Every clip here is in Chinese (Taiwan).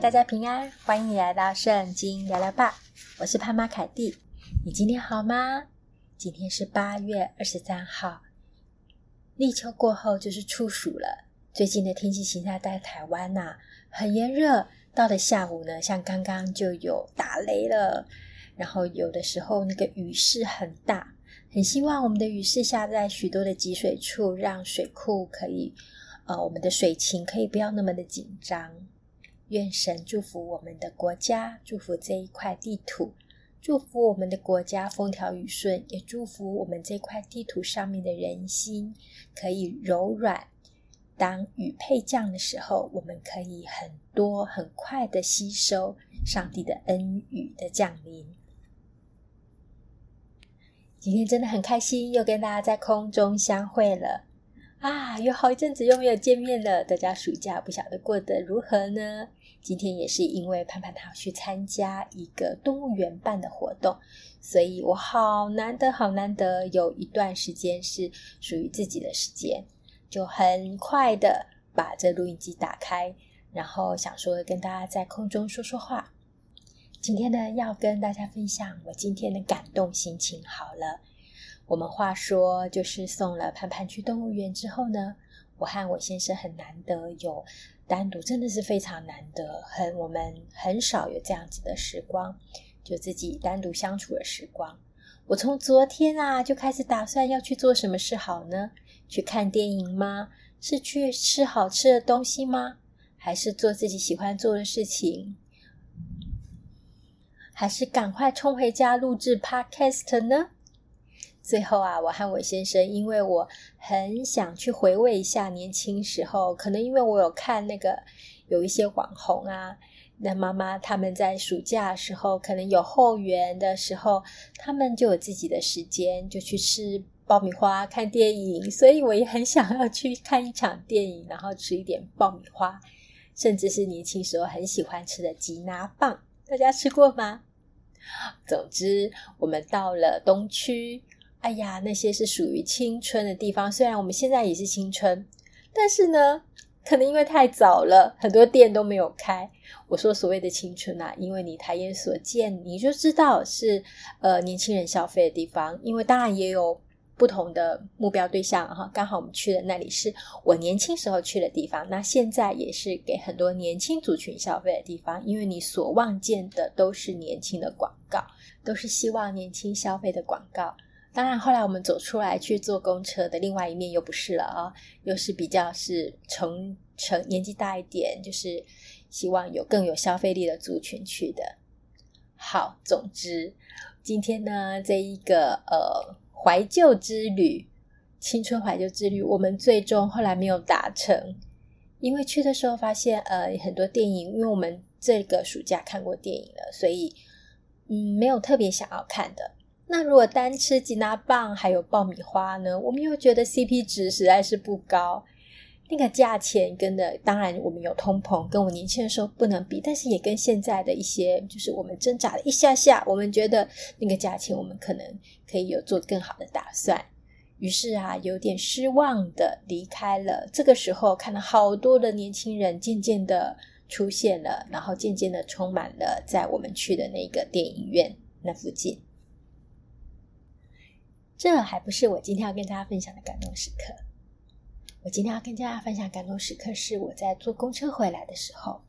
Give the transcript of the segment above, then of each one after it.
大家平安，歡迎你來到聖經聊聊吧。我是潘媽凱蒂，你今天好嗎？今天是八月二十三號，立秋過後就是處暑了。最近的天氣形態在台灣吶、啊，很炎熱。到了下午呢，像剛剛就有打雷了，然後有的時候那個雨勢很大。很希望我們的雨勢下在許多的積水處，讓水庫可以，呃，我們的水情可以不要那麼的緊張。願神祝福我們的國家，祝福這一塊地土，祝福我們的國家風調雨順，也祝福我們這塊地土上面的人心可以柔軟。當雨沛降的時候，我們可以很多很快的吸收上帝的恩雨的降臨。今天真的很開心，又跟大家在空中相會了。啊，有好一陣子又沒有見面了，大家暑假不曉得過得如何呢？今天也是因為盼盼他要去參加一個動物園辦的活動，所以我好難得、好難得有一段時間是屬於自己的時間，就很快的把這錄音機打開，然後想說跟大家在空中說說話。今天呢，要跟大家分享我今天的感動心情，好了。我們話說，就是送了潘潘去動物園之後呢，我和我先生很難得有單獨，真的是非常難得，很我們很少有這樣子的時光，就自己單獨相處的時光。我從昨天啊就開始打算要去做什麼事好呢？去看電影嗎？是去吃好吃的東西嗎？還是做自己喜歡做的事情？還是趕快衝回家錄製 Podcast 呢？最後啊，我和我先生，因為我很想去回味一下年輕時候，可能因為我有看那個有一些網紅啊，那媽媽他們在暑假時候，可能有後援的時候，他們就有自己的時間，就去吃爆米花、看電影，所以我也很想要去看一場電影，然後吃一點爆米花，甚至是年輕時候很喜歡吃的吉拿棒，大家吃過嗎？總之，我們到了東區。哎呀，那些是屬於青春的地方。雖然我們現在也是青春，但是呢，可能因為太早了，很多店都沒有開。我說所謂的青春啊，因為你抬眼所見，你就知道是呃年輕人消費的地方。因為當然也有不同的目標對象哈、啊。剛好我們去的那裡是我年輕時候去的地方，那現在也是給很多年輕族群消費的地方。因為你所望見的都是年輕的廣告，都是希望年輕消費的廣告。當然，後來我們走出來去坐公車的另外一面又不是了啊，又是比較是成成年紀大一點，就是希望有更有消費力的族群去的。好，總之今天呢，這一個呃懷舊之旅，青春懷舊之旅，我們最終後來沒有達成，因為去的時候發現呃很多電影，因為我們這個暑假看過電影了，所以嗯沒有特別想要看的。那如果單吃吉拿棒還有爆米花呢？我們又覺得 CP 值實在是不高，那個價錢跟的當然我們有通膨，跟我年輕的時候不能比，但是也跟現在的一些就是我們掙扎了一下下，我們覺得那個價錢我們可能可以有做更好的打算。於是啊，有點失望的離開了。這個時候，看到好多的年輕人漸漸的出現了，然後漸漸的充滿了在我們去的那個電影院那附近。這還不是我今天要跟大家分享的感動時刻。我今天要跟大家分享感動時刻是我在坐公車回來的時候，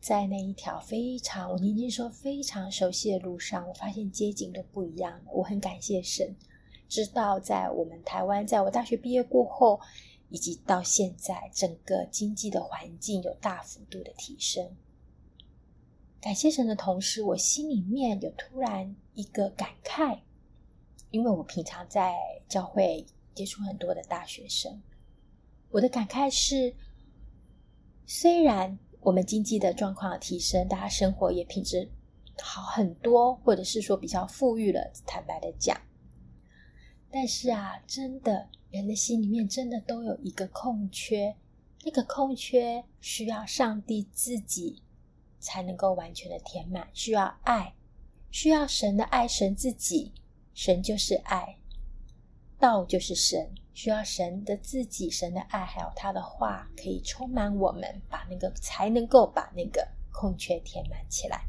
在那一條非常我年輕時候非常熟悉的路上，我發現街景都不一樣。我很感謝神，知道在我們台灣，在我大學畢業過後，以及到現在，整個經濟的環境有大幅度的提升。感謝神的同時，我心裡面有突然一個感慨。因為我平常在教會接觸很多的大學生，我的感慨是：雖然我們經濟的狀況提升，大家生活也品質好很多，或者是說比較富裕了，坦白的講。但是啊，真的，人的心裡面真的都有一個空缺，那個空缺需要上帝自己才能夠完全的填滿，需要愛，需要神的愛，神自己。神就是愛，道就是神，需要神的自己、神的愛，還有他的話，可以充滿我們，把那個才能夠把那個空缺填滿起來。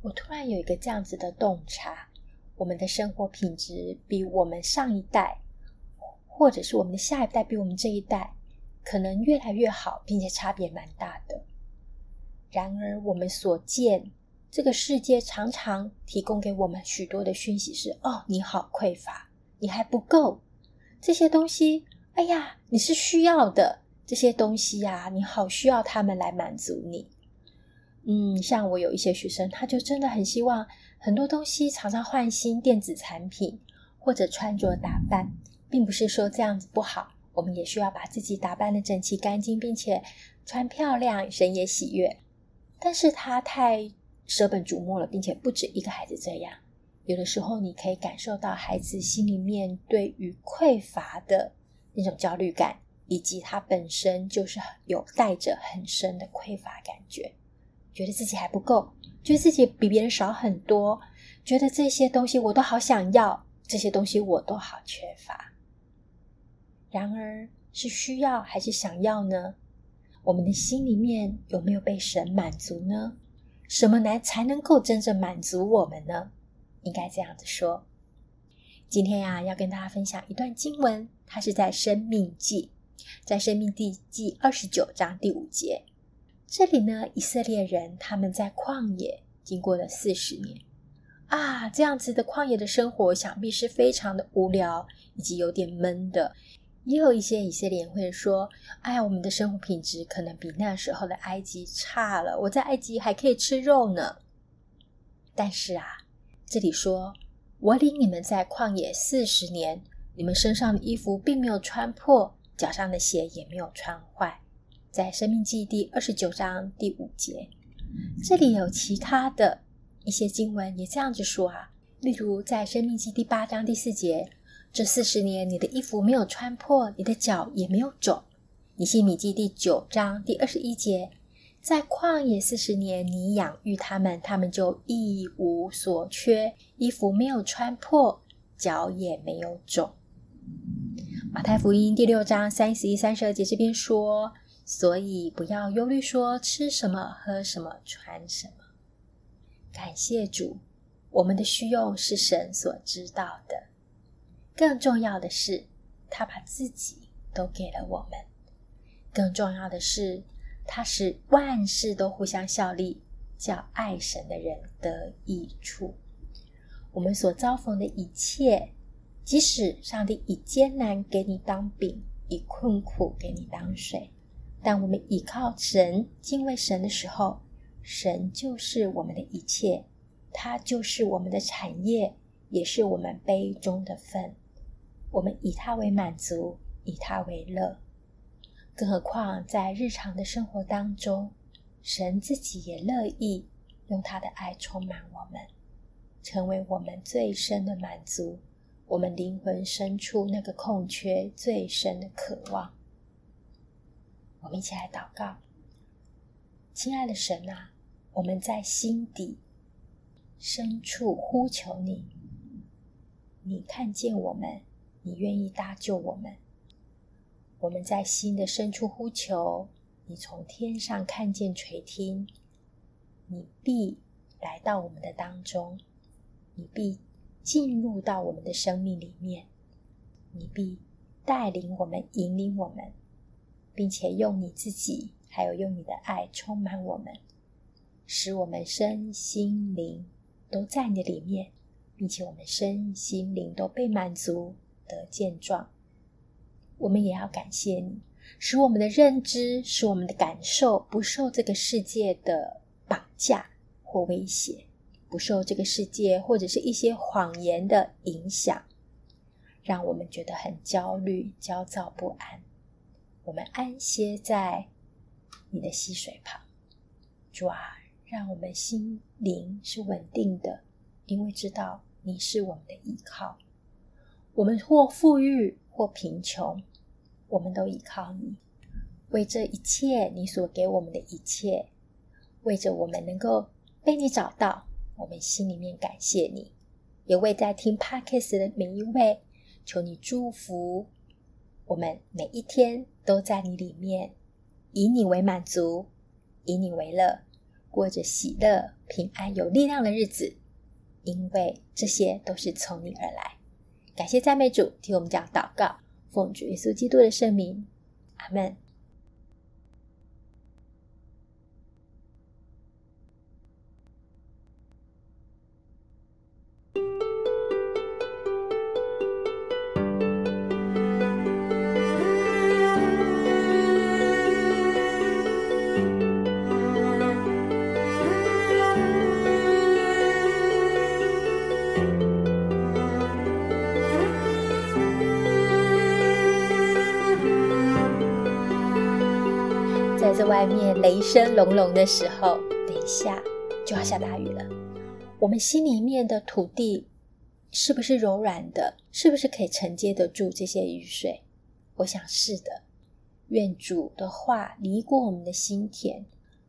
我突然有一個這樣子的洞察：我們的生活品質比我們上一代，或者是我們的下一代，比我們這一代，可能越來越好，並且差別蠻大的。然而，我們所見，這個世界常常提供給我們許多的訊息是，是哦，你好匱乏，你還不夠這些東西。哎呀，你是需要的這些東西呀、啊，你好需要他們來滿足你。嗯，像我有一些學生，他就真的很希望很多東西，常常換新電子產品或者穿着打扮，並不是說這樣子不好。我們也需要把自己打扮得整齊乾淨，並且穿漂亮，神也喜悅。但是他太。舍本逐末了，並且不止一個孩子這樣。有的時候，你可以感受到孩子心裡面對於匱乏的那種焦慮感，以及他本身就是有帶着很深的匱乏感覺，覺得自己還不夠，覺得自己比別人少很多，覺得這些東西我都好想要，這些東西我都好缺乏。然而，是需要還是想要呢？我們的心裡面有沒有被神滿足呢？什麼來才能夠真正滿足我們呢？應該這樣子說。今天呀、啊，要跟大家分享一段經文，它是在《申命記》，在《申命記》第二十九章第五節。這裡呢，以色列人他們在曠野經過了四十年啊，這樣子的曠野的生活想必是非常的無聊以及有點悶的。也有一些以色列人會說：“哎呀，我們的生活品質可能比那時候的埃及差了。我在埃及還可以吃肉呢。”但是啊，這裡說：“我領你們在曠野四十年，你們身上的衣服並沒有穿破，腳上的鞋也沒有穿壞。”在《申命記》第二十九章第五節，這裡有其他的一些經文也這樣子說啊，例如在《申命記》第八章第四節。這四十年，你的衣服沒有穿破，你的腳也沒有腫。《尼希米記》第九章第二十一節，在曠野四十年，你養育他們，他們就一無所缺，衣服沒有穿破，腳也沒有腫。《馬太福音》第六章三十一、三十二節這邊說：所以不要憂慮說，說吃什麼，喝什麼，穿什麼。感謝主，我們的需要是神所知道的。更重要的是，他把自己都給了我們。更重要的是，他使萬事都互相效力，叫愛神的人得益處。我們所遭逢的一切，即使上帝以艱難給你當餅，以困苦給你當水，當我們倚靠神、敬畏神的時候，神就是我們的一切，他就是我們的產業，也是我們杯中的分。我們以他為滿足，以他為樂。更何況在日常的生活當中，神自己也樂意用他的愛充滿我們，成為我們最深的滿足，我們靈魂深處那個空缺最深的渴望。我們一起來禱告。親愛的神啊，我們在心底深處呼求你，你看見我們。你願意搭救我們，我們在心的深處呼求，你從天上看見垂聽。你必來到我們的當中，你必進入到我們的生命裡面，你必帶領我們、引領我們，並且用你自己，還有用你的愛充滿我們，使我們身心靈都在你裡面，並且我們身心靈都被滿足，的健壯，我們也要感謝你，使我們的認知、使我們的感受不受這個世界的綁架或威脅，不受這個世界或者是一些謊言的影響，讓我們覺得很焦慮、焦躁不安。我們安歇在你的溪水旁，主啊，讓我們心靈是穩定的，因為知道你是我們的依靠。我們或富裕或貧窮，我們都依靠你。為這一切，你所給我們的一切，為着我們能夠被你找到，我們心裡面感謝你。也為在聽 Podcast 的每一位，求你祝福我們每一天都在你裡面，以你為滿足，以你為樂，過着喜樂、平安、有力量的日子，因為這些都是從你而來。感謝讚美主，替我們這樣禱告，奉主耶穌基督的聖名，阿門。在這外面雷聲隆隆的時候，等一下就要下大雨了。我們心裡面的土地是不是柔軟的？是不是可以承接得住這些雨水？我想是的。願主的話犁過我們的心田，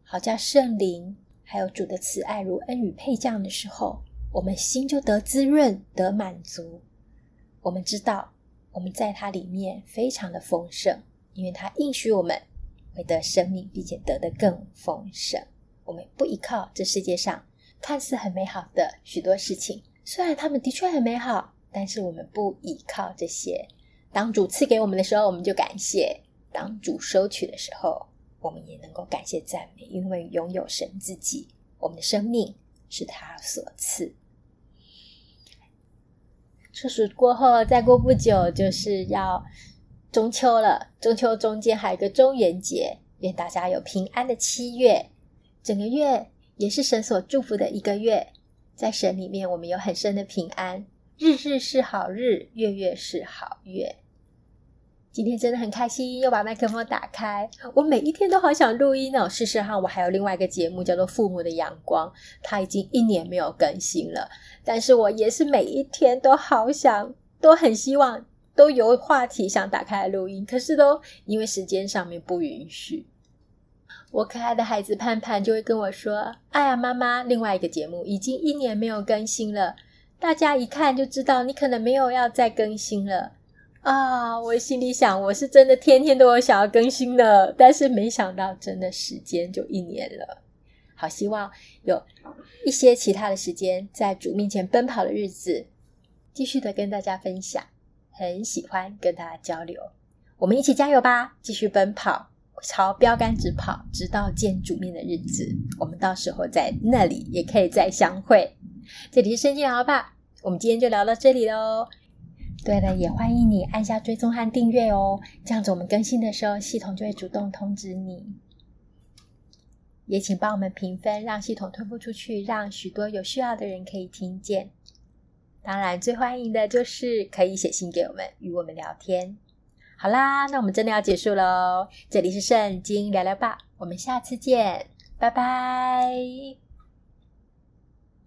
好叫聖靈還有主的慈愛如恩雨沛降的時候，我們心就得滋潤得滿足。我們知道我們在它裡面非常的豐盛，因為它應許我們。的生命，並且得的更豐盛。我們不依靠這世界上看似很美好的許多事情，雖然他們的確很美好，但是我們不依靠這些。當主賜給我們的時候，我們就感謝；當主收取的時候，我們也能夠感謝讚美，因為擁有神自己，我們的生命是他所賜。初熟過後，再過不久就是要中秋了，中秋中間還有一個中元節，願大家有平安的七月，整個月也是神所祝福的一個月，在神裡面我們有很深的平安，日日是好日，月月是好月。今天真的很開心，又把麥克風打開，我每一天都好想錄音哦。事實上，我還有另外一個節目叫做《父母的陽光》，它已經一年沒有更新了，但是我也是每一天都好想，都很希望。都有話題想打開錄音，可是都因為時間上面不允許。我可愛的孩子盼盼就會跟我說：“哎呀，媽媽，另外一個節目已經一年沒有更新了，大家一看就知道你可能沒有要再更新了啊、哦！”我心裡想，我是真的天天都有想要更新的，但是沒想到真的時間就一年了。好希望有一些其他的時間，在主面前奔跑的日子，繼續的跟大家分享。很喜歡跟大家交流，我們一起加油吧，繼續奔跑，朝標杆直跑，直到見主面的日子。我們到時候在那裡也可以再相會。這裡是生煎老爸，我們今天就聊到這裡嘍。對了，也歡迎你按下追蹤和訂閱哦，這樣子我們更新的時候系統就會主動通知你。也請幫我們評分，讓系統推播出去，讓許多有需要的人可以聽見。當然，最歡迎的就是可以寫信給我們，與我們聊天。好啦，那我們真的要結束嘍。這裡是聖經聊聊吧，我們下次見，拜拜。